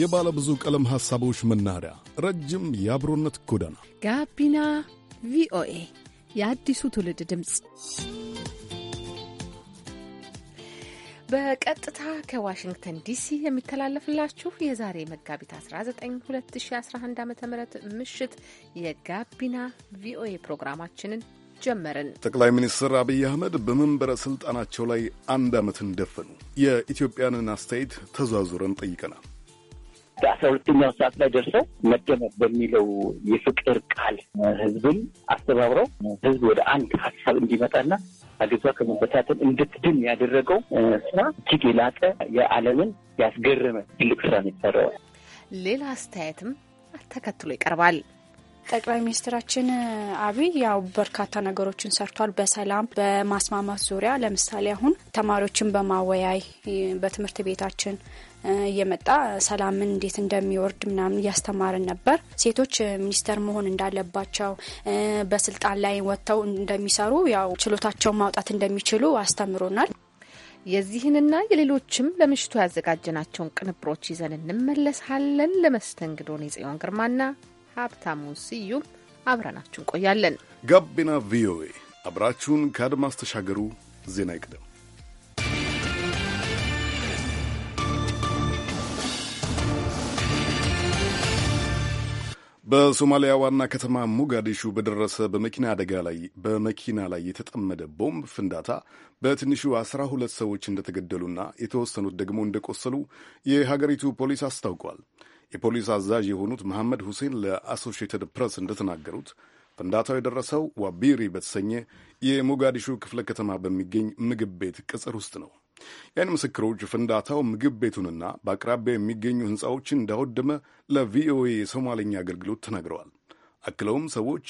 የባለ ብዙ ቀለም ሐሳቦች መናኸሪያ፣ ረጅም የአብሮነት ጎዳና፣ ጋቢና ቪኦኤ የአዲሱ ትውልድ ድምፅ በቀጥታ ከዋሽንግተን ዲሲ የሚተላለፍላችሁ የዛሬ መጋቢት 19 2011 ዓ ም ምሽት የጋቢና ቪኦኤ ፕሮግራማችንን ጀመርን። ጠቅላይ ሚኒስትር አብይ አህመድ በመንበረ ሥልጣናቸው ላይ አንድ ዓመትን ደፈኑ። የኢትዮጵያንን አስተያየት ተዟዙረን ጠይቀናል። አስራ ሁለተኛው ሰዓት ላይ ደርሰው መደመር በሚለው የፍቅር ቃል ህዝብን አስተባብረው ህዝብ ወደ አንድ ሀሳብ እንዲመጣና አገዟ ከመበታተን እንድትድን ያደረገው ስራ እጅግ የላቀ የዓለምን ያስገረመ ትልቅ ስራ ነው የተሰራው። ሌላ አስተያየትም ተከትሎ ይቀርባል። ጠቅላይ ሚኒስትራችን አብይ ያው በርካታ ነገሮችን ሰርቷል። በሰላም በማስማማት ዙሪያ ለምሳሌ አሁን ተማሪዎችን በማወያይ በትምህርት ቤታችን እየመጣ ሰላምን እንዴት እንደሚወርድ ምናምን እያስተማርን ነበር። ሴቶች ሚኒስተር መሆን እንዳለባቸው በስልጣን ላይ ወጥተው እንደሚሰሩ ያው ችሎታቸውን ማውጣት እንደሚችሉ አስተምሮናል። የዚህንና የሌሎችም ለምሽቱ ያዘጋጀናቸውን ቅንብሮች ይዘን እንመለሳለን። ለመስተንግዶን የጽዮን ግርማና ሀብታሙ ስዩም አብረናችሁ እንቆያለን። ጋቢና ቪኦኤ አብራችሁን ከአድማስ ተሻገሩ። ዜና ይቅደም። በሶማሊያ ዋና ከተማ ሞጋዲሹ በደረሰ በመኪና አደጋ ላይ በመኪና ላይ የተጠመደ ቦምብ ፍንዳታ በትንሹ አስራ ሁለት ሰዎች እንደተገደሉና የተወሰኑት ደግሞ እንደቆሰሉ የሀገሪቱ ፖሊስ አስታውቋል። የፖሊስ አዛዥ የሆኑት መሐመድ ሁሴን ለአሶሺየትድ ፕሬስ እንደተናገሩት ፍንዳታው የደረሰው ዋቢሪ በተሰኘ የሞጋዲሹ ክፍለ ከተማ በሚገኝ ምግብ ቤት ቅጽር ውስጥ ነው። የአይን ምስክሮች ፍንዳታው ምግብ ቤቱንና በአቅራቢያ የሚገኙ ሕንፃዎችን እንዳወደመ ለቪኦኤ የሶማሌኛ አገልግሎት ተናግረዋል። አክለውም ሰዎች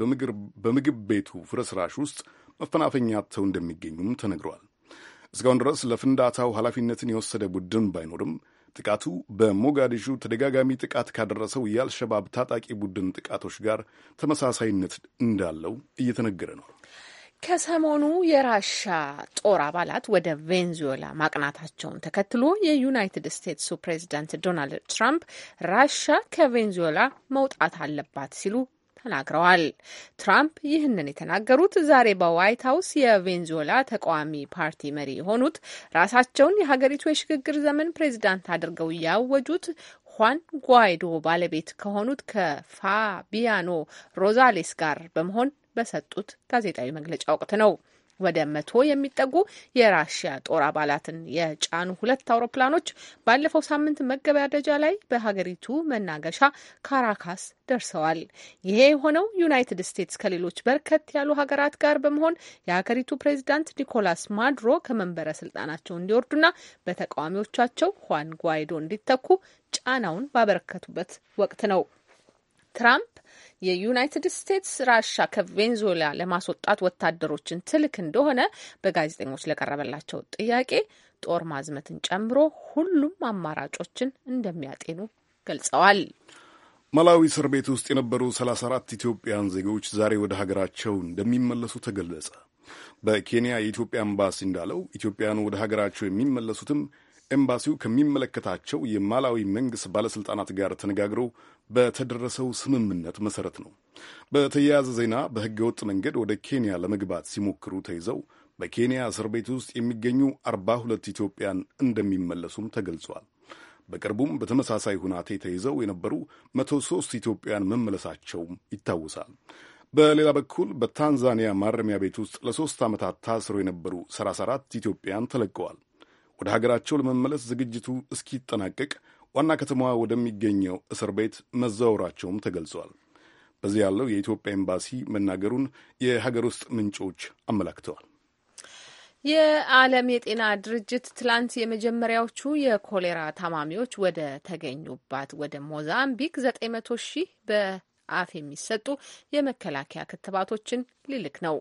በምግብ ቤቱ ፍርስራሽ ውስጥ መፈናፈኛ አጥተው እንደሚገኙም ተነግረዋል። እስካሁን ድረስ ለፍንዳታው ኃላፊነትን የወሰደ ቡድን ባይኖርም ጥቃቱ በሞጋዲሹ ተደጋጋሚ ጥቃት ካደረሰው የአልሸባብ ታጣቂ ቡድን ጥቃቶች ጋር ተመሳሳይነት እንዳለው እየተነገረ ነው። ከሰሞኑ የራሻ ጦር አባላት ወደ ቬንዙዌላ ማቅናታቸውን ተከትሎ የዩናይትድ ስቴትሱ ፕሬዚዳንት ዶናልድ ትራምፕ ራሻ ከቬንዙዌላ መውጣት አለባት ሲሉ ተናግረዋል። ትራምፕ ይህንን የተናገሩት ዛሬ በዋይት ሀውስ የቬንዙዌላ ተቃዋሚ ፓርቲ መሪ የሆኑት ራሳቸውን የሀገሪቱ የሽግግር ዘመን ፕሬዚዳንት አድርገው ያወጁት ሁዋን ጓይዶ ባለቤት ከሆኑት ከፋቢያኖ ሮዛሌስ ጋር በመሆን በሰጡት ጋዜጣዊ መግለጫ ወቅት ነው። ወደ መቶ የሚጠጉ የራሽያ ጦር አባላትን የጫኑ ሁለት አውሮፕላኖች ባለፈው ሳምንት መገባደጃ ላይ በሀገሪቱ መናገሻ ካራካስ ደርሰዋል። ይሄ የሆነው ዩናይትድ ስቴትስ ከሌሎች በርከት ያሉ ሀገራት ጋር በመሆን የሀገሪቱ ፕሬዚዳንት ኒኮላስ ማድሮ ከመንበረ ስልጣናቸው እንዲወርዱና በተቃዋሚዎቻቸው ሁዋን ጓይዶ እንዲተኩ ጫናውን ባበረከቱበት ወቅት ነው። ትራምፕ የዩናይትድ ስቴትስ ራሻ ከቬንዙዌላ ለማስወጣት ወታደሮችን ትልክ እንደሆነ በጋዜጠኞች ለቀረበላቸው ጥያቄ ጦር ማዝመትን ጨምሮ ሁሉም አማራጮችን እንደሚያጤኑ ገልጸዋል። ማላዊ እስር ቤት ውስጥ የነበሩ 34 ኢትዮጵያን ዜጎች ዛሬ ወደ ሀገራቸው እንደሚመለሱ ተገለጸ። በኬንያ የኢትዮጵያ ኤምባሲ እንዳለው ኢትዮጵያውያኑ ወደ ሀገራቸው የሚመለሱትም ኤምባሲው ከሚመለከታቸው የማላዊ መንግሥት ባለሥልጣናት ጋር ተነጋግረው በተደረሰው ስምምነት መሠረት ነው። በተያያዘ ዜና በሕገ ወጥ መንገድ ወደ ኬንያ ለመግባት ሲሞክሩ ተይዘው በኬንያ እስር ቤት ውስጥ የሚገኙ አርባ ሁለት ኢትዮጵያን እንደሚመለሱም ተገልጿል። በቅርቡም በተመሳሳይ ሁናቴ ተይዘው የነበሩ መቶ ሦስት ኢትዮጵያን መመለሳቸውም ይታወሳል። በሌላ በኩል በታንዛኒያ ማረሚያ ቤት ውስጥ ለሦስት ዓመታት ታስረው የነበሩ 34 ኢትዮጵያን ተለቀዋል። ወደ ሀገራቸው ለመመለስ ዝግጅቱ እስኪጠናቀቅ ዋና ከተማዋ ወደሚገኘው እስር ቤት መዛወራቸውም ተገልጿል። በዚህ ያለው የኢትዮጵያ ኤምባሲ መናገሩን የሀገር ውስጥ ምንጮች አመላክተዋል። የዓለም የጤና ድርጅት ትላንት የመጀመሪያዎቹ የኮሌራ ታማሚዎች ወደ ተገኙባት ወደ ሞዛምቢክ ዘጠኝ መቶ ሺህ አፍ የሚሰጡ የመከላከያ ክትባቶችን ሊልክ ነው።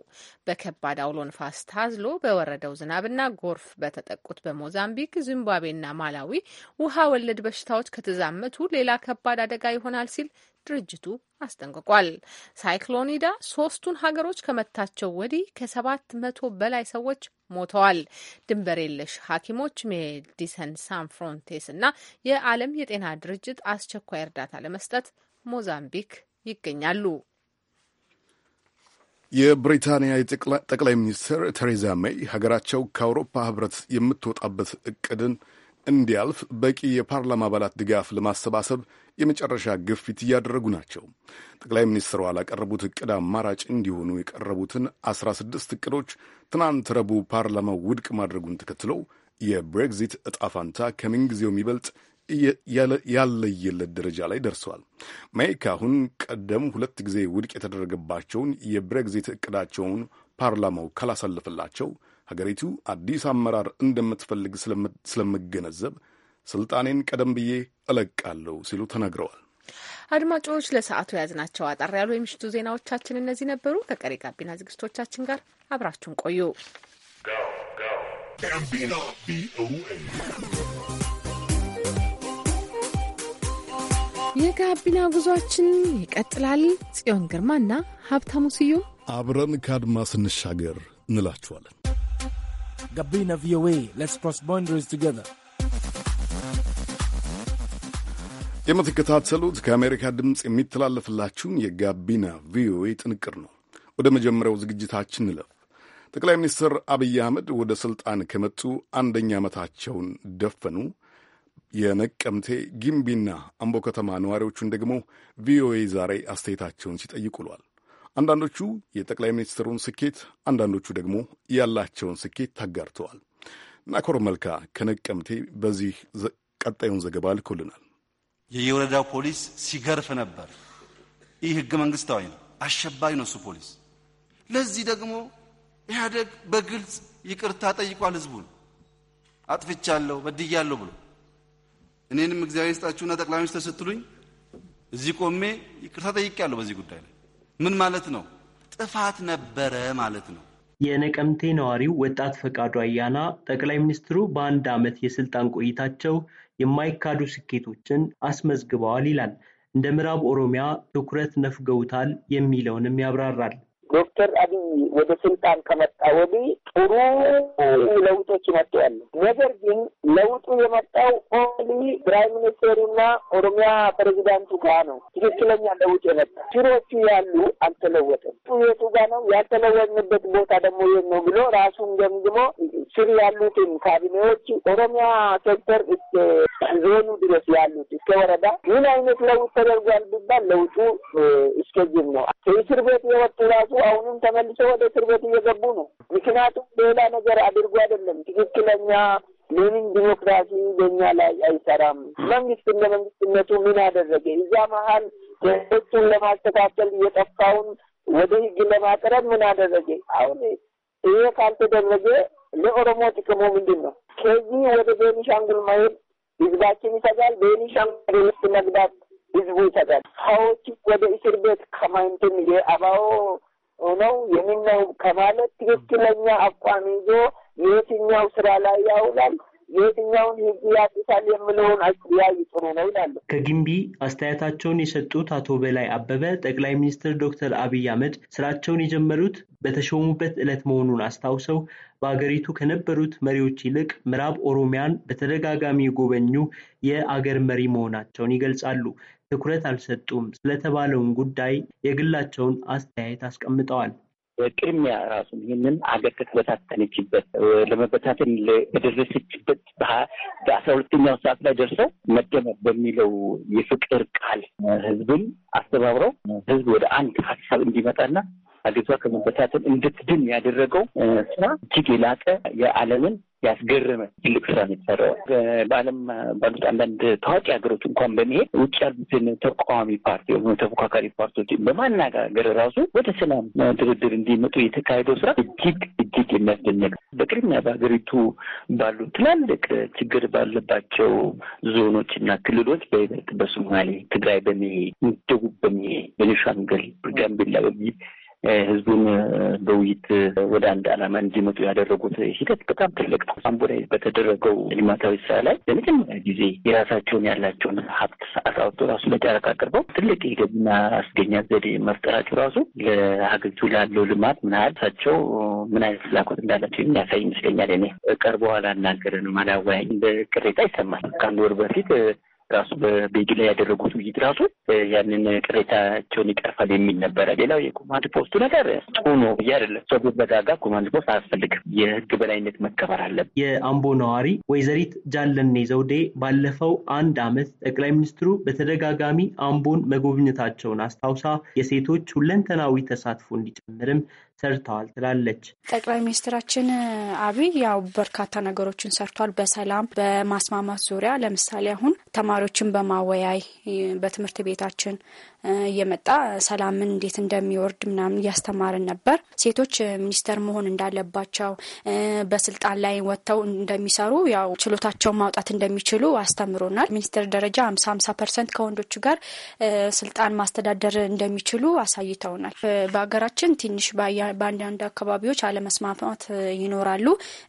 በከባድ አውሎ ንፋስ ታዝሎ በወረደው ዝናብና ጎርፍ በተጠቁት በሞዛምቢክ ዚምባብዌና ማላዊ ውሃ ወለድ በሽታዎች ከተዛመቱ ሌላ ከባድ አደጋ ይሆናል ሲል ድርጅቱ አስጠንቅቋል። ሳይክሎኒዳ ሶስቱን ሀገሮች ከመታቸው ወዲህ ከሰባት መቶ በላይ ሰዎች ሞተዋል። ድንበር የለሽ ሐኪሞች ሜዲሰን ሳን ፍሮንቴስ እና የዓለም የጤና ድርጅት አስቸኳይ እርዳታ ለመስጠት ሞዛምቢክ ይገኛሉ። የብሪታንያ ጠቅላይ ሚኒስትር ቴሬዛ ሜይ ሀገራቸው ከአውሮፓ ህብረት የምትወጣበት እቅድን እንዲያልፍ በቂ የፓርላማ አባላት ድጋፍ ለማሰባሰብ የመጨረሻ ግፊት እያደረጉ ናቸው። ጠቅላይ ሚኒስትሯ ላቀረቡት እቅድ አማራጭ እንዲሆኑ የቀረቡትን 16 እቅዶች ትናንት ረቡዕ ፓርላማው ውድቅ ማድረጉን ተከትሎ የብሬግዚት እጣ ፋንታ ከምንጊዜው የሚበልጥ ያለየለት ደረጃ ላይ ደርሰዋል። ሜይ ካሁን ቀደም ሁለት ጊዜ ውድቅ የተደረገባቸውን የብሬግዚት እቅዳቸውን ፓርላማው ካላሳለፈላቸው ሀገሪቱ አዲስ አመራር እንደምትፈልግ ስለምገነዘብ ስልጣኔን ቀደም ብዬ እለቃለሁ ሲሉ ተናግረዋል። አድማጮች ለሰዓቱ የያዝናቸው አጠር ያሉ የምሽቱ ዜናዎቻችን እነዚህ ነበሩ። ከቀሪ ጋቢና ዝግጅቶቻችን ጋር አብራችሁን ቆዩ። የጋቢና ጉዟችን ይቀጥላል። ጽዮን ግርማና ሀብታሙ ስዩም አብረን ከአድማ ስንሻገር እንላችኋለን። ጋቢና ቪኦኤ ሌትስ ክሮስ ቦንደሪስ ቱጌዘር የምትከታተሉት ከአሜሪካ ድምፅ የሚተላለፍላችሁን የጋቢና ቪኦኤ ጥንቅር ነው። ወደ መጀመሪያው ዝግጅታችን እለፍ። ጠቅላይ ሚኒስትር አብይ አህመድ ወደ ሥልጣን ከመጡ አንደኛ ዓመታቸውን ደፈኑ። የነቀምቴ ጊምቢና አምቦ ከተማ ነዋሪዎቹን ደግሞ ቪኦኤ ዛሬ አስተያየታቸውን ሲጠይቅ ውሏል። አንዳንዶቹ የጠቅላይ ሚኒስትሩን ስኬት፣ አንዳንዶቹ ደግሞ ያላቸውን ስኬት ታጋርተዋል። ናኮር መልካ ከነቀምቴ በዚህ ቀጣዩን ዘገባ ልኮልናል። የየወረዳው ፖሊስ ሲገርፍ ነበር። ይህ ህገ መንግስታዊ ነው። አሸባሪ ነው እሱ ፖሊስ። ለዚህ ደግሞ ኢህአደግ በግልጽ ይቅርታ ጠይቋል። ህዝቡን አጥፍቻለሁ በድያለሁ ብሎ እኔንም እግዚአብሔር ይስጣችሁና ጠቅላይ ሚኒስትር ስትሉኝ እዚህ ቆሜ ይቅርታ ያለሁ በዚህ ጉዳይ ላይ ምን ማለት ነው? ጥፋት ነበረ ማለት ነው። የነቀምቴ ነዋሪው ወጣት ፈቃዱ አያና ጠቅላይ ሚኒስትሩ በአንድ ዓመት የስልጣን ቆይታቸው የማይካዱ ስኬቶችን አስመዝግበዋል ይላል። እንደ ምዕራብ ኦሮሚያ ትኩረት ነፍገውታል የሚለውንም ያብራራል። ዶክተር አብይ ወደ ስልጣን ከመጣ ወዲህ ጥሩ ለውጦች ይመጡ ያሉ። ነገር ግን ለውጡ የመጣው ኦንሊ ፕራይም ሚኒስቴሩና ኦሮሚያ ፕሬዚዳንቱ ጋር ነው። ትክክለኛ ለውጥ የመጣ ችሮቹ ያሉ አልተለወጠም። የቱ ጋር ነው ያልተለወጥንበት ቦታ ደግሞ የት ነው ብሎ ራሱን ገምግሞ ስር ያሉትን ካቢኔዎች ኦሮሚያ ሴክተር እስከ ዞኑ ድረስ ያሉት እስከ ወረዳ ምን አይነት ለውጥ ተደርጓል ቢባል ለውጡ እስከዚህም ነው። ከእስር ቤት የወጡ ራሱ አሁንም ተመልሶ ወደ እስር ቤት እየገቡ ነው። ምክንያቱም ሌላ ነገር አድርጎ አይደለም ትክክለኛ ሌኒን ዲሞክራሲ በኛ ላይ አይሰራም። መንግስት እንደ መንግስትነቱ ምን አደረገ? እዛ መሀል ህጎቹን ለማስተካከል እየጠፋውን ወደ ህግ ለማቅረብ ምን አደረገ? አሁን ይሄ ካልተደረገ ለኦሮሞ ጥቅሙ ምንድን ነው? ከዚህ ወደ ቤኒሻንጉል መሄድ ህዝባችን ይሰጋል። ቤኒሻንጉል ውስጥ መግባት ህዝቡ ይሰጋል። ሰዎች ወደ እስር ቤት ከማይንትን የአባዎ ነው የኔ ከማለት ትክክለኛ አቋም ይዞ የትኛው ስራ ላይ ያውላል የትኛውን ህግ ያድሳል የምለውን አስተያይ ጥሩ ነው ይላሉ። ከግንቢ አስተያየታቸውን የሰጡት አቶ በላይ አበበ ጠቅላይ ሚኒስትር ዶክተር አብይ አህመድ ስራቸውን የጀመሩት በተሾሙበት ዕለት መሆኑን አስታውሰው በሀገሪቱ ከነበሩት መሪዎች ይልቅ ምዕራብ ኦሮሚያን በተደጋጋሚ የጎበኙ የአገር መሪ መሆናቸውን ይገልጻሉ። ትኩረት አልሰጡም ስለተባለውን ጉዳይ የግላቸውን አስተያየት አስቀምጠዋል። ቅድሚያ ራሱን ይህንን አገር ከተበታተነችበት ለመበታተን በደረሰችበት በአስራ ሁለተኛው ሰዓት ላይ ደርሰው መደመር በሚለው የፍቅር ቃል ህዝብን አስተባብረው ህዝብ ወደ አንድ ሀሳብ እንዲመጣና አገሪቷ ከመበታተን እንድትድን ያደረገው ስራ እጅግ የላቀ የዓለምን ያስገረመ ትልቅ ስራ ነው የተሰራው። በዓለም ባሉት አንዳንድ ታዋቂ ሀገሮች እንኳን በመሄድ ውጭ ያሉትን ተቃዋሚ ፓርቲ የሆኑ ተፎካካሪ ፓርቲዎች በማናገር ራሱ ወደ ሰላም ድርድር እንዲመጡ የተካሄደው ስራ እጅግ እጅግ የሚያስደንቅ በቅድሚያ በሀገሪቱ ባሉ ትላልቅ ችግር ባለባቸው ዞኖች እና ክልሎች በይበልጥ በሶማሌ፣ ትግራይ በመሄድ ደቡብ በመሄድ በቤኒሻንጉል፣ ጋምቤላ በሚ ህዝቡን በውይይት ወደ አንድ ዓላማ እንዲመጡ ያደረጉት ሂደት በጣም ትልቅ ነው። አምቦ ላይ በተደረገው ልማታዊ ስራ ላይ ለመጀመሪያ ጊዜ የራሳቸውን ያላቸውን ሀብት ሰዓት ራሱ ለጨረታ አቅርበው ትልቅ የገቢና አስገኛ ዘዴ መፍጠራቸው ራሱ ለሀገሪቱ ላለው ልማት ምን ያህል እሳቸው ምን አይነት ፍላጎት እንዳላቸው የሚያሳይ ይመስለኛል። እኔ ቀርበው አላናገረንም፣ አላወያኝም፣ በቅሬታ ይሰማል። ከአንድ ወር በፊት ራሱ በቤቱ ላይ ያደረጉት ውይይት ራሱ ያንን ቅሬታቸውን ይቀርፋል የሚል ነበረ። ሌላው የኮማንድ ፖስቱ ነገር ጥሩ ነው ብዬ አይደለም። ሰዎች በዳጋ ኮማንድ ፖስት አያስፈልግም፣ የህግ በላይነት መከበር አለብ። የአምቦ ነዋሪ ወይዘሪት ጃለኔ ዘውዴ ባለፈው አንድ አመት ጠቅላይ ሚኒስትሩ በተደጋጋሚ አምቦን መጎብኘታቸውን አስታውሳ የሴቶች ሁለንተናዊ ተሳትፎ እንዲጨምርም ሰርተዋል ትላለች። ጠቅላይ ሚኒስትራችን አብይ ያው በርካታ ነገሮችን ሰርቷል። በሰላም በማስማማት ዙሪያ ለምሳሌ አሁን ተማሪዎችን በማወያይ በትምህርት ቤታችን እየመጣ ሰላምን እንዴት እንደሚወርድ ምናምን እያስተማርን ነበር። ሴቶች ሚኒስተር መሆን እንዳለባቸው በስልጣን ላይ ወጥተው እንደሚሰሩ ያው ችሎታቸውን ማውጣት እንደሚችሉ አስተምሮናል። ሚኒስትር ደረጃ ሀምሳ ሀምሳ ፐርሰንት ከወንዶቹ ጋር ስልጣን ማስተዳደር እንደሚችሉ አሳይተውናል። በሀገራችን ትንሽ ባያ በአንዳንድ አካባቢዎች አለመስማማት ይኖራሉ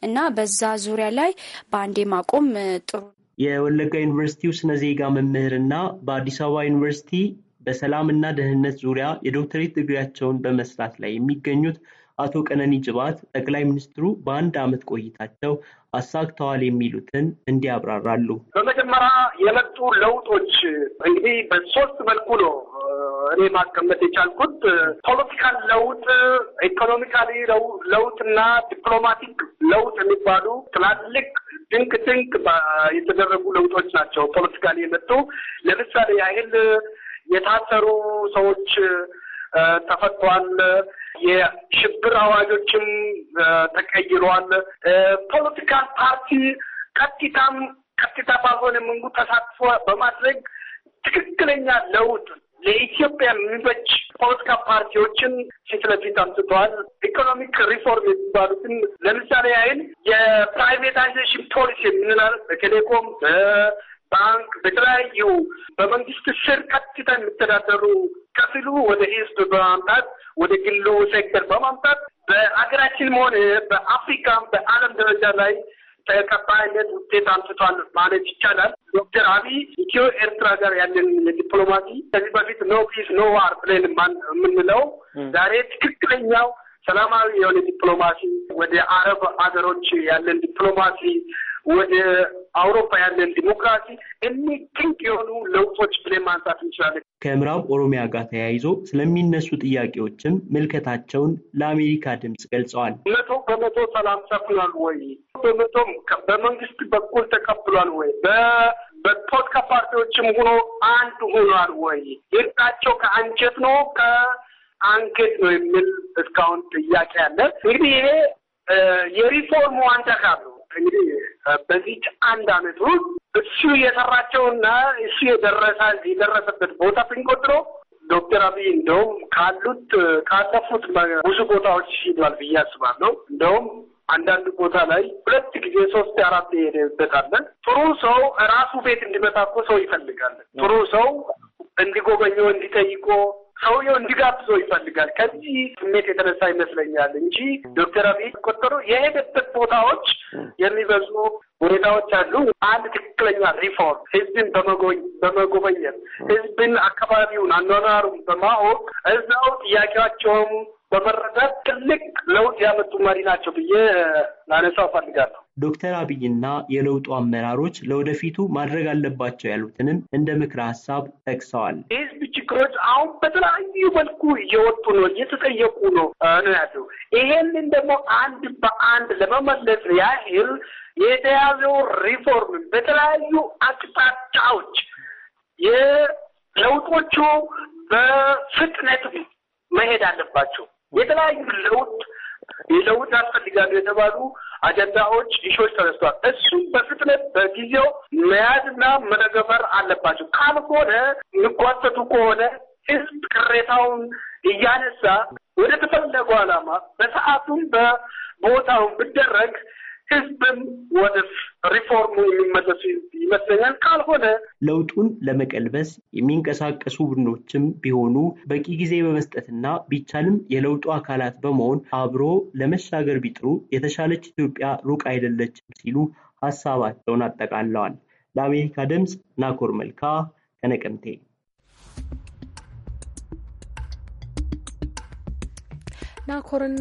እና በዛ ዙሪያ ላይ በአንዴ ማቆም ጥሩ የወለጋ ዩኒቨርሲቲው ስነ ዜጋ መምህርና በአዲስ አበባ ዩኒቨርሲቲ በሰላም እና ደህንነት ዙሪያ የዶክተሬት ድግሪያቸውን በመስራት ላይ የሚገኙት አቶ ቀነኒ ጅባት ጠቅላይ ሚኒስትሩ በአንድ አመት ቆይታቸው አሳግተዋል የሚሉትን እንዲያብራራሉ። በመጀመሪያ የመጡ ለውጦች እንግዲህ በሶስት መልኩ ነው እኔ ማስቀመጥ የቻልኩት ፖለቲካል ለውጥ፣ ኢኮኖሚካሊ ለውጥና ዲፕሎማቲክ ለውጥ የሚባሉ ትላልቅ ድንቅ ድንቅ የተደረጉ ለውጦች ናቸው። ፖለቲካሊ የመጡ ለምሳሌ ያህል የታሰሩ ሰዎች ተፈቷል። የሽብር አዋጆችም ተቀይሯል። ፖለቲካል ፓርቲ ቀጥታም ቀጥታ ባልሆነ መንጉ ተሳትፎ በማድረግ ትክክለኛ ለውጥ ለኢትዮጵያ የሚበጅ ፖለቲካ ፓርቲዎችን ፊት ለፊት አንስተዋል። ኢኮኖሚክ ሪፎርም የሚባሉትን ለምሳሌ ያህል የፕራይቬታይዜሽን ፖሊሲ የምንላል በቴሌኮም ባንክ፣ በተለያዩ በመንግስት ስር ቀጥታ የሚተዳደሩ ከፊሉ ወደ ህዝብ በማምጣት ወደ ግሉ ሴክተር በማምጣት በሀገራችንም ሆነ በአፍሪካም በዓለም ደረጃ ላይ ተቀባይነት ውጤት አምጥቷል ማለት ይቻላል። ዶክተር አብይ ኢትዮ ኤርትራ ጋር ያለን ዲፕሎማሲ ከዚህ በፊት ኖ ፒስ ኖ ዋር ብለን የምንለው ዛሬ ትክክለኛው ሰላማዊ የሆነ ዲፕሎማሲ ወደ አረብ ሀገሮች ያለን ዲፕሎማሲ ወደ አውሮፓ ያለን ዲሞክራሲ እኒ ድንቅ የሆኑ ለውጦች ብለን ማንሳት እንችላለን። ከምዕራብ ኦሮሚያ ጋር ተያይዞ ስለሚነሱ ጥያቄዎችም ምልከታቸውን ለአሜሪካ ድምፅ ገልጸዋል። መቶ በመቶ ሰላም ሰፍኗል ወይ? በመቶም በመንግስት በኩል ተቀብሏል ወይ? በፖለቲካ ፓርቲዎችም ሆኖ አንድ ሆኗል ወይ? የእርቃቸው ከአንጀት ነው ከአንገት ነው የሚል እስካሁን ጥያቄ አለ። እንግዲህ ይሄ የሪፎርሙ አንድ አካል ነው። እንግዲህ በዚች አንድ አመት ውስጥ እሱ የሰራቸውና እሱ የደረሰ የደረሰበት ቦታ ብንቆጥሮ ዶክተር አብይ እንደውም ካሉት ካለፉት ብዙ ቦታዎች ሂዷል ብዬ አስባለሁ። እንደውም አንዳንድ ቦታ ላይ ሁለት ጊዜ ሶስት አራት የሄደበታለን። ጥሩ ሰው ራሱ ቤት እንዲመጣ እኮ ሰው ይፈልጋል። ጥሩ ሰው እንዲጎበኘው እንዲጠይቆ ሰውየው እንዲጋብዘው ይፈልጋል። ከዚህ ስሜት የተነሳ ይመስለኛል እንጂ ዶክተር አብይ ቆጠሩ የሄደበት ቦታዎች የሚበዙ ሁኔታዎች አሉ። አንድ ትክክለኛ ሪፎርም ህዝብን በመጎበኘት ህዝብን፣ አካባቢውን፣ አኗኗሩን በማወቅ እዛው ጥያቄያቸውም በመረዳት ትልቅ ለውጥ ያመጡ መሪ ናቸው ብዬ ላነሳው ፈልጋለሁ። ዶክተር አብይና የለውጡ አመራሮች ለወደፊቱ ማድረግ አለባቸው ያሉትንም እንደ ምክረ ሀሳብ ጠቅሰዋል። የህዝብ ችግሮች አሁን በተለያዩ መልኩ እየወጡ ነው፣ እየተጠየቁ ነው ነው ያለው። ይሄንን ደግሞ አንድ በአንድ ለመመለስ ያህል የተያዘው ሪፎርም በተለያዩ አቅጣጫዎች የለውጦቹ በፍጥነት መሄድ አለባቸው። የተለያዩ ለውጥ ለውጥ ያስፈልጋሉ የተባሉ አጀንዳዎች ይሾች ተነስተዋል። እሱም በፍጥነት በጊዜው መያዝና መተግበር አለባቸው። ካልሆነ የሚጓተቱ ከሆነ ህዝብ ቅሬታውን እያነሳ ወደ ተፈለገው ዓላማ በሰዓቱም በቦታውን ብደረግ ህዝብም ወደ ሪፎርሙ የሚመለሱ ይመስለኛል። ካልሆነ ለውጡን ለመቀልበስ የሚንቀሳቀሱ ቡድኖችም ቢሆኑ በቂ ጊዜ በመስጠትና ቢቻልም የለውጡ አካላት በመሆን አብሮ ለመሻገር ቢጥሩ የተሻለች ኢትዮጵያ ሩቅ አይደለችም ሲሉ ሀሳባቸውን አጠቃለዋል። ለአሜሪካ ድምፅ ናኮር መልካ ከነቀምቴ ናኮርን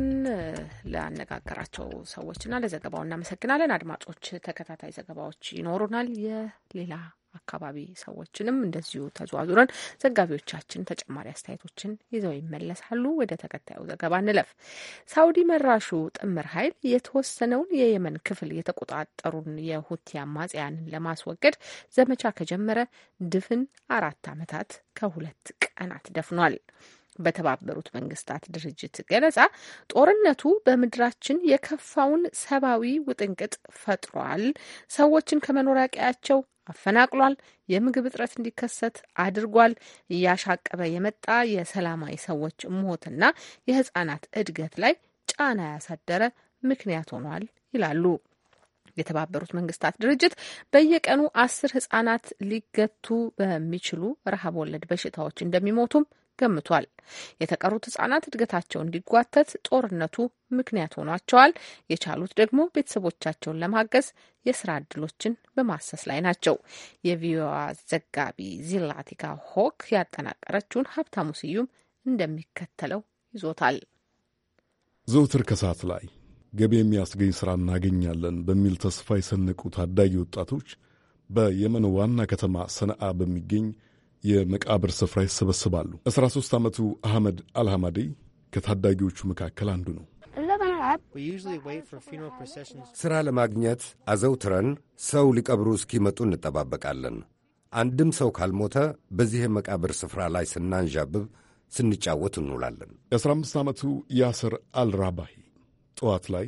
ላነጋገራቸው ሰዎችና ለዘገባው እናመሰግናለን። አድማጮች ተከታታይ ዘገባዎች ይኖሩናል። የሌላ አካባቢ ሰዎችንም እንደዚሁ ተዘዋዙረን ዘጋቢዎቻችን ተጨማሪ አስተያየቶችን ይዘው ይመለሳሉ። ወደ ተከታዩ ዘገባ እንለፍ። ሳውዲ መራሹ ጥምር ኃይል የተወሰነውን የየመን ክፍል የተቆጣጠሩን የሁቲ አማጽያንን ለማስወገድ ዘመቻ ከጀመረ ድፍን አራት ዓመታት ከሁለት ቀናት ደፍኗል። በተባበሩት መንግስታት ድርጅት ገለጻ ጦርነቱ በምድራችን የከፋውን ሰብአዊ ውጥንቅጥ ፈጥሯል፣ ሰዎችን ከመኖሪያ ቀያቸው አፈናቅሏል፣ የምግብ እጥረት እንዲከሰት አድርጓል፣ እያሻቀበ የመጣ የሰላማዊ ሰዎች ሞትና የህጻናት እድገት ላይ ጫና ያሳደረ ምክንያት ሆኗል ይላሉ። የተባበሩት መንግስታት ድርጅት በየቀኑ አስር ህጻናት ሊገቱ በሚችሉ ረሃብ ወለድ በሽታዎች እንደሚሞቱም ገምቷል። የተቀሩት ህጻናት እድገታቸው እንዲጓተት ጦርነቱ ምክንያት ሆኗቸዋል። የቻሉት ደግሞ ቤተሰቦቻቸውን ለማገዝ የስራ እድሎችን በማሰስ ላይ ናቸው። የቪዮዋ ዘጋቢ ዚላቲካ ሆክ ያጠናቀረችውን ሀብታሙ ስዩም እንደሚከተለው ይዞታል። ዘውትር ከሰዓት ላይ ገቢ የሚያስገኝ ስራ እናገኛለን በሚል ተስፋ የሰነቁ ታዳጊ ወጣቶች በየመን ዋና ከተማ ሰነአ በሚገኝ የመቃብር ስፍራ ይሰበስባሉ። 13 ዓመቱ አህመድ አልሐማዴ ከታዳጊዎቹ መካከል አንዱ ነው። ሥራ ለማግኘት አዘውትረን ሰው ሊቀብሩ እስኪመጡ እንጠባበቃለን። አንድም ሰው ካልሞተ በዚህ የመቃብር ስፍራ ላይ ስናንዣብብ ስንጫወት እንውላለን። የ15 ዓመቱ ያስር አልራባሂ ጠዋት ላይ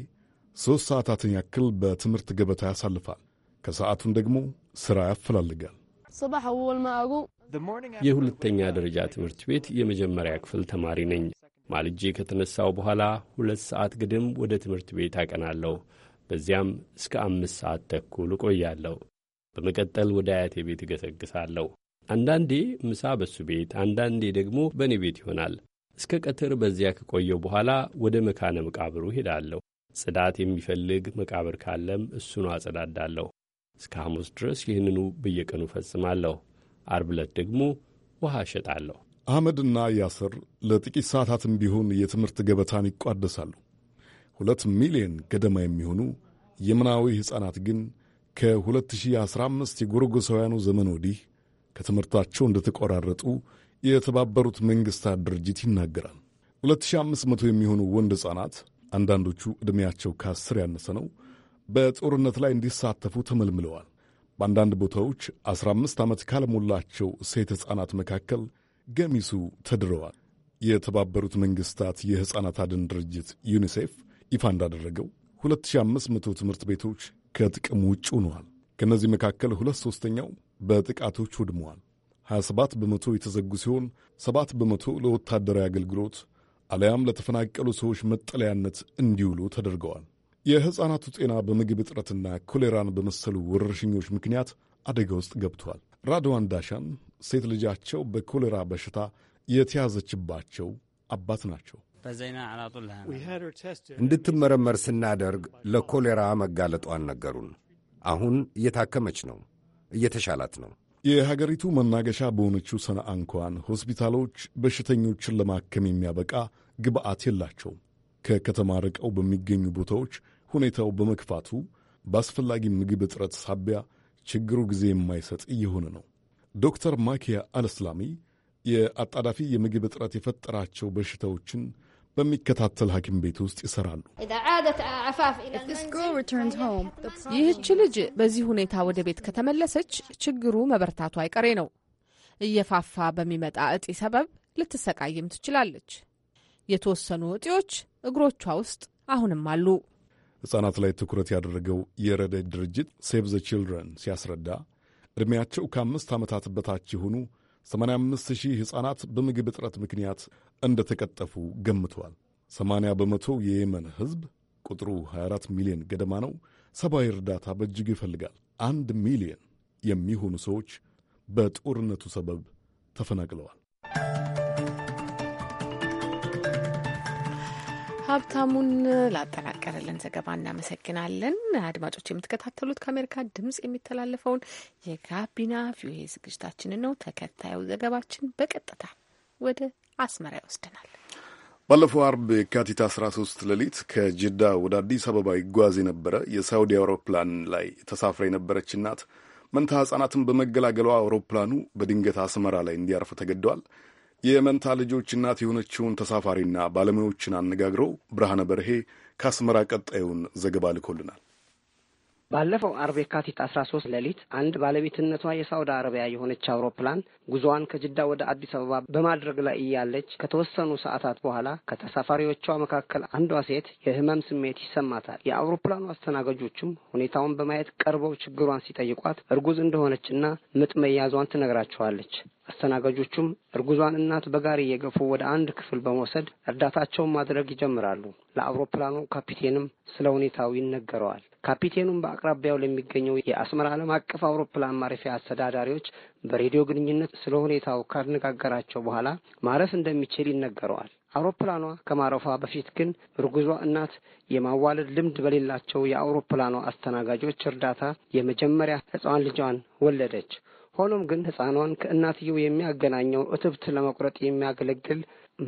ሦስት ሰዓታትን ያክል በትምህርት ገበታ ያሳልፋል። ከሰዓቱን ደግሞ ሥራ ያፈላልጋል። የሁለተኛ ደረጃ ትምህርት ቤት የመጀመሪያ ክፍል ተማሪ ነኝ። ማልጄ ከተነሳው በኋላ ሁለት ሰዓት ግድም ወደ ትምህርት ቤት አቀናለሁ። በዚያም እስከ አምስት ሰዓት ተኩል እቆያለሁ። በመቀጠል ወደ አያቴ ቤት እገሰግሳለሁ። አንዳንዴ ምሳ በሱ ቤት፣ አንዳንዴ ደግሞ በእኔ ቤት ይሆናል። እስከ ቀትር በዚያ ከቆየው በኋላ ወደ መካነ መቃብሩ ሄዳለሁ። ጽዳት የሚፈልግ መቃብር ካለም እሱን አጸዳዳለሁ። እስከ ሐሙስ ድረስ ይህንኑ በየቀኑ ፈጽማለሁ። አርብ ዕለት ደግሞ ውሃ እሸጣለሁ። አህመድና ያስር ለጥቂት ሰዓታትም ቢሆን የትምህርት ገበታን ይቋደሳሉ። ሁለት ሚሊዮን ገደማ የሚሆኑ የምናዊ ሕፃናት ግን ከ2015 የጎረጎሳውያኑ ዘመን ወዲህ ከትምህርታቸው እንደተቆራረጡ የተባበሩት መንግሥታት ድርጅት ይናገራል። 2500 የሚሆኑ ወንድ ሕፃናት አንዳንዶቹ ዕድሜያቸው ከአስር ያነሰ ነው፣ በጦርነት ላይ እንዲሳተፉ ተመልምለዋል። በአንዳንድ ቦታዎች 15 ዓመት ካልሞላቸው ሴት ሕፃናት መካከል ገሚሱ ተድረዋል። የተባበሩት መንግሥታት የሕፃናት አድን ድርጅት ዩኒሴፍ ይፋ እንዳደረገው 2500 ትምህርት ቤቶች ከጥቅም ውጭ ሆነዋል። ከእነዚህ መካከል ሁለት ሦስተኛው በጥቃቶች ወድመዋል። 27 በመቶ የተዘጉ ሲሆን 7 በመቶ ለወታደራዊ አገልግሎት አሊያም ለተፈናቀሉ ሰዎች መጠለያነት እንዲውሉ ተደርገዋል። የሕፃናቱ ጤና በምግብ እጥረትና ኮሌራን በመሰሉ ወረርሽኞች ምክንያት አደጋ ውስጥ ገብቷል። ራድዋን ዳሻን ሴት ልጃቸው በኮሌራ በሽታ የተያዘችባቸው አባት ናቸው። እንድትመረመር ስናደርግ ለኮሌራ መጋለጧን ነገሩን። አሁን እየታከመች ነው፣ እየተሻላት ነው። የሀገሪቱ መናገሻ በሆነችው ሰነአ እንኳን ሆስፒታሎች በሽተኞችን ለማከም የሚያበቃ ግብአት የላቸውም። ከከተማ ርቀው በሚገኙ ቦታዎች ሁኔታው በመክፋቱ በአስፈላጊ ምግብ እጥረት ሳቢያ ችግሩ ጊዜ የማይሰጥ እየሆነ ነው። ዶክተር ማኪያ አልስላሚ የአጣዳፊ የምግብ እጥረት የፈጠራቸው በሽታዎችን በሚከታተል ሐኪም ቤት ውስጥ ይሰራሉ። ይህች ልጅ በዚህ ሁኔታ ወደ ቤት ከተመለሰች ችግሩ መበርታቱ አይቀሬ ነው። እየፋፋ በሚመጣ እጢ ሰበብ ልትሰቃይም ትችላለች። የተወሰኑ እጢዎች እግሮቿ ውስጥ አሁንም አሉ። ሕጻናት ላይ ትኩረት ያደረገው የረድኤት ድርጅት ሴቭ ዘ ችልድረን ሲያስረዳ ዕድሜያቸው ከአምስት ዓመታት በታች የሆኑ 85 ሺህ ሕፃናት በምግብ እጥረት ምክንያት እንደተቀጠፉ ገምቷል። 80 በመቶ የየመን ሕዝብ ቁጥሩ 24 ሚሊዮን ገደማ ነው፣ ሰብአዊ እርዳታ በእጅጉ ይፈልጋል። አንድ ሚሊዮን የሚሆኑ ሰዎች በጦርነቱ ሰበብ ተፈናቅለዋል። ሀብታሙን ላጠናቀረልን ዘገባ እናመሰግናለን። አድማጮች የምትከታተሉት ከአሜሪካ ድምጽ የሚተላለፈውን የጋቢና ቪኦኤ ዝግጅታችንን ነው። ተከታዩ ዘገባችን በቀጥታ ወደ አስመራ ይወስደናል። ባለፈው አርብ የካቲት 13 ሌሊት ከጅዳ ወደ አዲስ አበባ ይጓዝ የነበረ የሳውዲ አውሮፕላን ላይ ተሳፍራ የነበረች እናት መንታ ህጻናትን በመገላገሏ አውሮፕላኑ በድንገት አስመራ ላይ እንዲያርፍ ተገደዋል። የመንታ ልጆች እናት የሆነችውን ተሳፋሪና ባለሙያዎችን አነጋግረው ብርሃነ በርሄ ከአስመራ ቀጣዩን ዘገባ ልኮልናል። ባለፈው አርብ የካቲት አስራ ሶስት ሌሊት አንድ ባለቤትነቷ የሳውዲ አረቢያ የሆነች አውሮፕላን ጉዞዋን ከጅዳ ወደ አዲስ አበባ በማድረግ ላይ እያለች ከተወሰኑ ሰዓታት በኋላ ከተሳፋሪዎቿ መካከል አንዷ ሴት የህመም ስሜት ይሰማታል። የአውሮፕላኑ አስተናጋጆቹም ሁኔታውን በማየት ቀርበው ችግሯን ሲጠይቋት እርጉዝ እንደሆነችና ምጥ መያዟን ትነግራቸዋለች። አስተናጋጆቹም እርጉዟን እናት በጋሪ እየገፉ ወደ አንድ ክፍል በመውሰድ እርዳታቸውን ማድረግ ይጀምራሉ። ለአውሮፕላኑ ካፒቴንም ስለ ሁኔታው ይነገረዋል። ካፒቴኑም በአቅራቢያው ለሚገኘው የአስመራ ዓለም አቀፍ አውሮፕላን ማረፊያ አስተዳዳሪዎች በሬዲዮ ግንኙነት ስለ ሁኔታው ካነጋገራቸው በኋላ ማረፍ እንደሚችል ይነገረዋል። አውሮፕላኗ ከማረፏ በፊት ግን እርጉዟ እናት የማዋለድ ልምድ በሌላቸው የአውሮፕላኗ አስተናጋጆች እርዳታ የመጀመሪያ ሕፃን ልጇን ወለደች። ሆኖም ግን ሕፃኗን ከእናትየው የሚያገናኘው እትብት ለመቁረጥ የሚያገለግል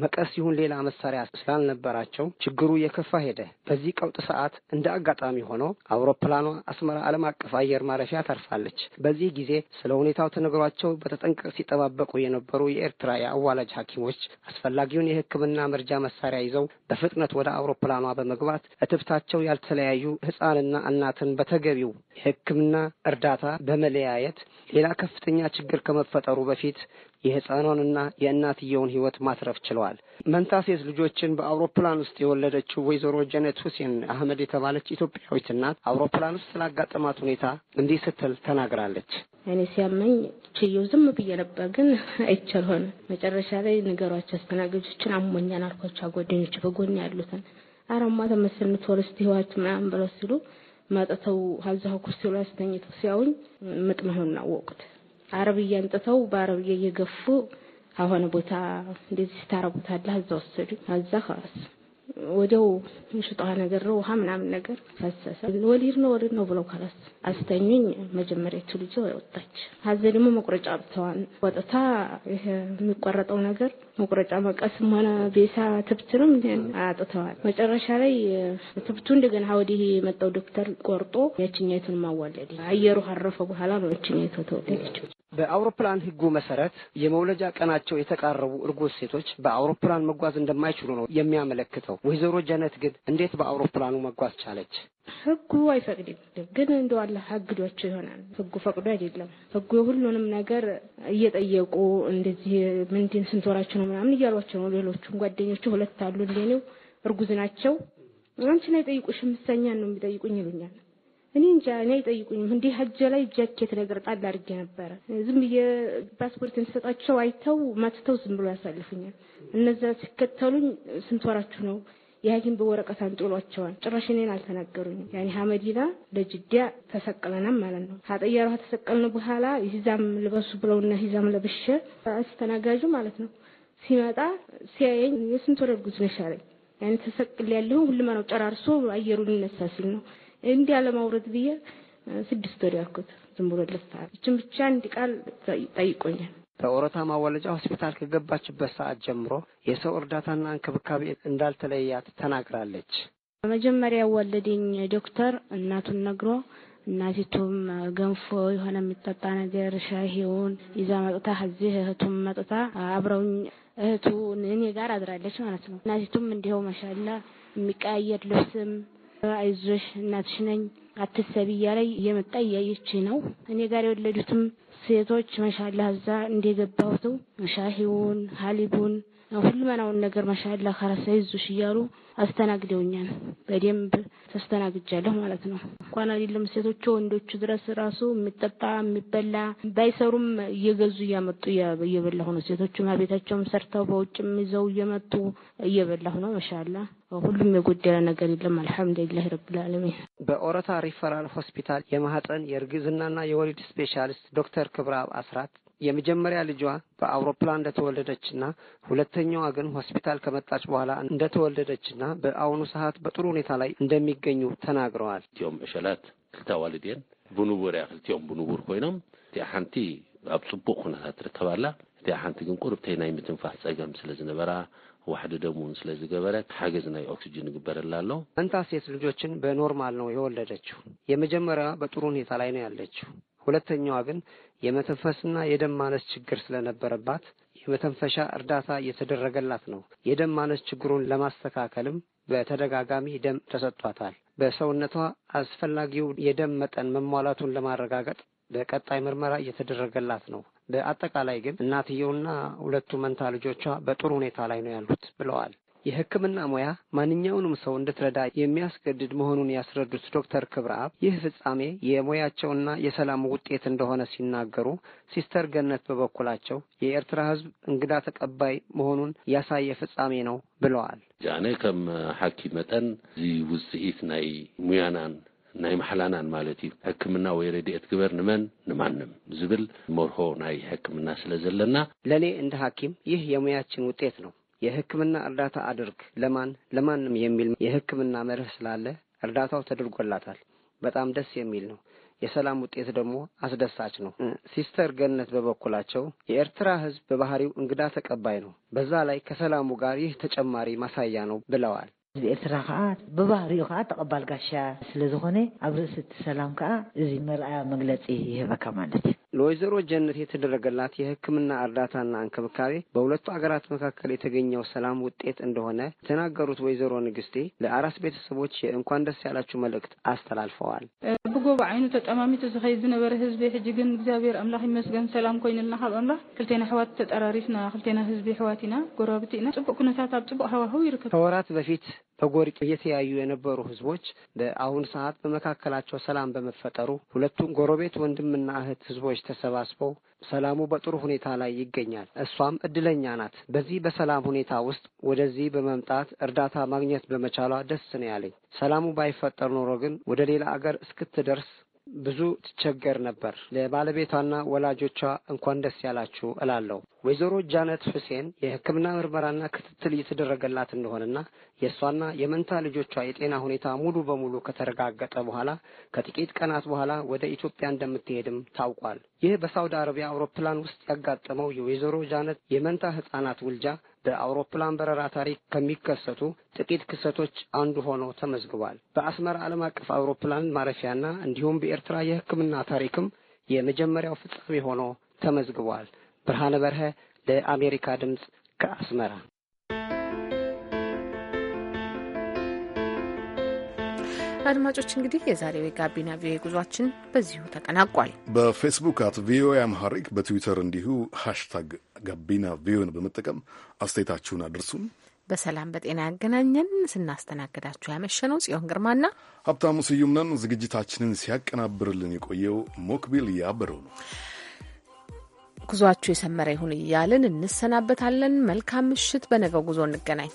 መቀስ ይሁን ሌላ መሳሪያ ስላልነበራቸው ችግሩ የከፋ ሄደ። በዚህ ቀውጥ ሰዓት እንደ አጋጣሚ ሆኖ አውሮፕላኗ አስመራ ዓለም አቀፍ አየር ማረፊያ ታርፋለች። በዚህ ጊዜ ስለ ሁኔታው ተነግሯቸው በተጠንቀቅ ሲጠባበቁ የነበሩ የኤርትራ የአዋላጅ ሐኪሞች አስፈላጊውን የሕክምና መርጃ መሳሪያ ይዘው በፍጥነት ወደ አውሮፕላኗ በመግባት እትብታቸው ያልተለያዩ ሕፃንና እናትን በተገቢው የሕክምና እርዳታ በመለያየት ሌላ ከፍተኛ ችግር ከመፈጠሩ በፊት የሕፃኗንና የእናትየውን ሕይወት ማትረፍ ችለዋል። ተናግረዋል። መንታ ሴት ልጆችን በአውሮፕላን ውስጥ የወለደችው ወይዘሮ ጀነት ሁሴን አህመድ የተባለች ኢትዮጵያዊት እናት አውሮፕላን ውስጥ ስላጋጠማት ሁኔታ እንዲህ ስትል ተናግራለች። እኔ ሲያመኝ ችየው ዝም ብዬ ነበር፣ ግን አይቻል ሆነ። መጨረሻ ላይ ንገሯቸው አስተናጋጆችን አሞኛን አልኳቸው። ጓደኞች በጎን ያሉትን አራማ ተመስል ትወርስ ህዋት ምናምን ብለው ሲሉ መጥተው ሀዛሁ ኩርሲ ላይ አስተኝተው ሲያውኝ ምጥ መሆኑን አወቁት። አረብያ አንጥተው በአረብያ እየገፉ አሁን ቦታ እንደዚህ ስታረቡት አላህ እዛ ወሰዱ። አዛ ኸላስ ወዲያው ሽጣ ነገር ነው ውሃ ምናምን ነገር ፈሰሰ። ወሊድ ነው ወሊድ ነው ብለው ከላስ አስተኙኝ። መጀመሪያቱ ልጅ ወጣች። አዘ ደግሞ መቁረጫ ብተዋን ወጥታ ይሄ የሚቆረጠው ነገር መቁረጫ መቀስም ሆነ ቤሳ ትብትንም አጥተዋል። መጨረሻ ላይ ትብቱ እንደገና ወዲህ የመጣው ዶክተር ቆርጦ ያችኛይቱን ማዋለድ አየሩ አረፈ። በኋላ ነው ያችኛይቱ ተወለደችው። በአውሮፕላን ህጉ መሰረት የመውለጃ ቀናቸው የተቃረቡ እርጉዝ ሴቶች በአውሮፕላን መጓዝ እንደማይችሉ ነው የሚያመለክተው። ወይዘሮ ጀነት ግን እንዴት በአውሮፕላኑ መጓዝ ቻለች? ህጉ አይፈቅድም፣ ግን እንደ አለ አግዷቸው ይሆናል። ህጉ ፈቅዶ አይደለም። ህጉ ሁሉንም ነገር እየጠየቁ እንደዚህ ምንድን ስንት ወራቸው ነው ምናምን እያሏቸው ነው። ሌሎቹም ጓደኞቹ ሁለት አሉ እንደኔው እርጉዝ ናቸው። አንቺን አይጠይቁሽም፣ ምሰኛን ነው የሚጠይቁኝ ይሉኛል። እኔ እንጃ እኔ አይጠይቁኝም። እንደ ሀጀ ላይ ጃኬት ነገር ጣል አድርጌ ነበረ። ዝም ብዬ ፓስፖርት እንሰጣቸው አይተው ማትተው ዝም ብሎ ያሳልፉኛል። እነዛ ሲከተሉኝ ስንት ወራችሁ ነው የሀኪም በወረቀት አንጥሏቸዋል። ጭራሽ እኔን አልተናገሩኝም። ያኔ ሀመዲና ለጅዳ ተሰቅለናል ማለት ነው። ሀጠያሯ ተሰቀልን በኋላ ሂዛም ልበሱ ብለውና ሂዛም ለብሼ አስተናጋጁ ማለት ነው ሲመጣ ሲያየኝ የስንት ወር እርጉዝ ያኔ ተሰቅል ያለሁ ሁሉም ነው ጨራርሶ አየሩን ይነሳ ሲል ነው እንዲህ አለማውረድ ማውረድ ብዬ ስድስት ወር ያልኩት ዝም ብሎ ለሳ እችን ብቻ እንዲ ቃል ጠይቆኛል። በኦሮታ ማወለጃ ሆስፒታል ከገባችበት ሰዓት ጀምሮ የሰው እርዳታና እንክብካቤ እንዳልተለያት ተናግራለች። በመጀመሪያ ያወለደኝ ዶክተር እናቱን ነግሮ እናቲቱም ገንፎ የሆነ የሚጠጣ ነገር ሻሂውን ይዛ መጥታ እዚህ እህቱም መጥታ አብረውኝ እህቱ እኔ ጋር አድራለች ማለት ነው። እናቲቱም እንዲኸው መሻላ የሚቀያየር ልብስም አይዞሽ እናትሽ ነኝ አትሰብ እያለ እየመጣ እያየች ነው። እኔ ጋር የወለዱትም ሴቶች መሻላ እዛ እንደገባሁት ሻሂውን ሀሊቡን ሁለመናውን ነገር ማሻአላ ከራሳ ይዙሽ እያሉ አስተናግደውኛል። በደንብ ተስተናግጃለሁ ማለት ነው። እንኳን አይደለም ሴቶቹ ወንዶቹ ድረስ ራሱ የሚጠጣ የሚበላ ባይሰሩም እየገዙ እያመጡ እየበላሁ ነው። ሴቶቹ ቤታቸውም ሰርተው በውጭም ይዘው እየመጡ እየበላሁ ነው። ማሻአላ ሁሉም የጎደለ ነገር የለም። አልሐምዱሊላህ ረብል ዓለሚን። ሪፈራል ሆስፒታል የማህፀን የእርግዝናና የወሊድ ስፔሻሊስት ዶክተር ክብረአብ አስራት የመጀመሪያ ልጇ በአውሮፕላን እንደተወለደችና ሁለተኛዋ ግን ሆስፒታል ከመጣች በኋላ እንደተወለደችና በአሁኑ ሰዓት በጥሩ ሁኔታ ላይ እንደሚገኙ ተናግረዋል። እትዮም እሸላት ክልተ ዋልዴን ብንቡር እያ ክልቲኦም ብንቡር ኮይኖም እቲኣ ሓንቲ ኣብ ፅቡቅ ኩነታት ትርከባላ ኣላ ሓንቲ ግን ቁርብተይ ናይ ምትንፋስ ፀገም ስለ ዝነበራ ዋሕዲ እውን ስለ ዝገበረ ሓገዝ ናይ ኦክሲጅን ይግበረላ ኣሎ እንታ ሴት ልጆችን በኖርማል ነው የወለደችው። የመጀመሪያዋ በጥሩ ሁኔታ ላይ ነው ያለችው። ሁለተኛዋ ግን የመተንፈስና የደም ማነስ ችግር ስለነበረባት የመተንፈሻ እርዳታ እየተደረገላት ነው። የደም ማነስ ችግሩን ለማስተካከልም በተደጋጋሚ ደም ተሰጥቷታል። በሰውነቷ አስፈላጊው የደም መጠን መሟላቱን ለማረጋገጥ በቀጣይ ምርመራ እየተደረገላት ነው። በአጠቃላይ ግን እናትየውና ሁለቱ መንታ ልጆቿ በጥሩ ሁኔታ ላይ ነው ያሉት ብለዋል። የሕክምና ሙያ ማንኛውንም ሰው እንድትረዳ የሚያስገድድ መሆኑን ያስረዱት ዶክተር ክብረአብ ይህ ፍጻሜ የሙያቸውና የሰላም ውጤት እንደሆነ ሲናገሩ፣ ሲስተር ገነት በበኩላቸው የኤርትራ ሕዝብ እንግዳ ተቀባይ መሆኑን ያሳየ ፍጻሜ ነው ብለዋል። ጃነ ከም ሓኪም መጠን እዚ ውፅኢት ናይ ሙያናን ናይ ማሕላናን ማለት እዩ ሕክምና ወይ ረድኤት ግበር ንመን ንማንም ዝብል መርሆ ናይ ሕክምና ስለ ዘለና ለእኔ እንደ ሐኪም ይህ የሙያችን ውጤት ነው የህክምና እርዳታ አድርግ ለማን ለማንም የሚል የህክምና መርህ ስላለ እርዳታው ተደርጎላታል። በጣም ደስ የሚል ነው። የሰላም ውጤት ደግሞ አስደሳች ነው። ሲስተር ገነት በበኩላቸው የኤርትራ ህዝብ በባህሪው እንግዳ ተቀባይ ነው፣ በዛ ላይ ከሰላሙ ጋር ይህ ተጨማሪ ማሳያ ነው ብለዋል። ህዝቢ ኤርትራ ከዓ ብባህሪኡ ከዓ ተቐባል ጋሻ ስለ ዝኾነ ኣብ ርእሲ እቲ ሰላም ከዓ እዚ መርኣያ መግለፂ ይህበካ ማለት እዩ ለወይዘሮ ጀነት የተደረገላት የሕክምና እርዳታና እንክብካቤ በሁለቱ አገራት መካከል የተገኘው ሰላም ውጤት እንደሆነ የተናገሩት ወይዘሮ ንግስቴ ለአራስ ቤተሰቦች የእንኳን ደስ ያላችሁ መልእክት አስተላልፈዋል። ብጎባ ዓይኑ ተጠማሚቱ ዝኸይ ዝነበረ ህዝቢ ሕጂ ግን እግዚአብሔር ኣምላኽ ይመስገን ሰላም ኮይኑልና ካብ ኣምላኽ ክልቴና ኣሕዋት ተጠራሪፍና ክልቴና ህዝቢ ኣሕዋት ኢና ጎረብቲ ኢና ፅቡቅ ኩነታት ኣብ ፅቡቅ ሃዋህው ይርከብ ከወራት በፊት በጎርቅ እየተያዩ የነበሩ ህዝቦች በአሁን ሰዓት በመካከላቸው ሰላም በመፈጠሩ ሁለቱም ጎረቤት ወንድምና እህት ህዝቦች ተሰባስበው ሰላሙ በጥሩ ሁኔታ ላይ ይገኛል። እሷም እድለኛ ናት። በዚህ በሰላም ሁኔታ ውስጥ ወደዚህ በመምጣት እርዳታ ማግኘት በመቻሏ ደስ ነው ያለኝ። ሰላሙ ባይፈጠር ኖሮ ግን ወደ ሌላ አገር እስክትደርስ ብዙ ትቸገር ነበር። ለባለቤቷና ወላጆቿ እንኳን ደስ ያላችሁ እላለሁ። ወይዘሮ ጃነት ሁሴን የሕክምና ምርመራና ክትትል እየተደረገላት እንደሆነና የእሷና የመንታ ልጆቿ የጤና ሁኔታ ሙሉ በሙሉ ከተረጋገጠ በኋላ ከጥቂት ቀናት በኋላ ወደ ኢትዮጵያ እንደምትሄድም ታውቋል። ይህ በሳውዲ አረቢያ አውሮፕላን ውስጥ ያጋጠመው የወይዘሮ ጃነት የመንታ ሕፃናት ውልጃ በአውሮፕላን በረራ ታሪክ ከሚከሰቱ ጥቂት ክስተቶች አንዱ ሆኖ ተመዝግቧል። በአስመራ ዓለም አቀፍ አውሮፕላን ማረፊያና እንዲሁም በኤርትራ የሕክምና ታሪክም የመጀመሪያው ፍጻሜ ሆኖ ተመዝግቧል። ብርሃነ በርሀ ለአሜሪካ ድምፅ ከአስመራ አድማጮች እንግዲህ የዛሬው የጋቢና ቪኦኤ ጉዟችን በዚሁ ተጠናቋል። በፌስቡክ አት ቪኦኤ አምሃሪክ በትዊተር እንዲሁ ሃሽታግ ጋቢና ቪኦኤን በመጠቀም አስተያየታችሁን አድርሱን። በሰላም በጤና ያገናኘን። ስናስተናግዳችሁ ያመሸነው ጽዮን ግርማና ሀብታሙ ስዩም ነን። ዝግጅታችንን ሲያቀናብርልን የቆየው ሞክቢል ያበረው ነው። ጉዟችሁ የሰመረ ይሁን እያልን እንሰናበታለን። መልካም ምሽት። በነገው ጉዞ እንገናኝ።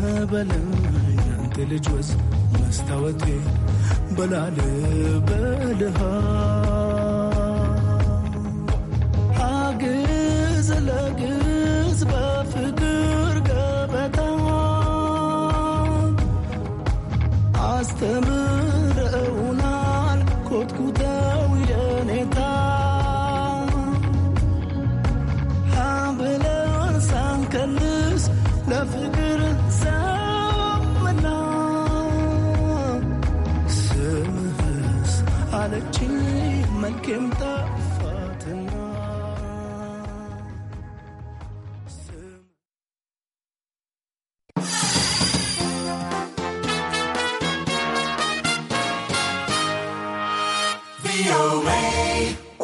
ነህ በለኝ አንተ ልጅ ወዝ መስታወቴ በላል በልሃ አግዝ ለግዝ በፍቅር ገበታ አስተምር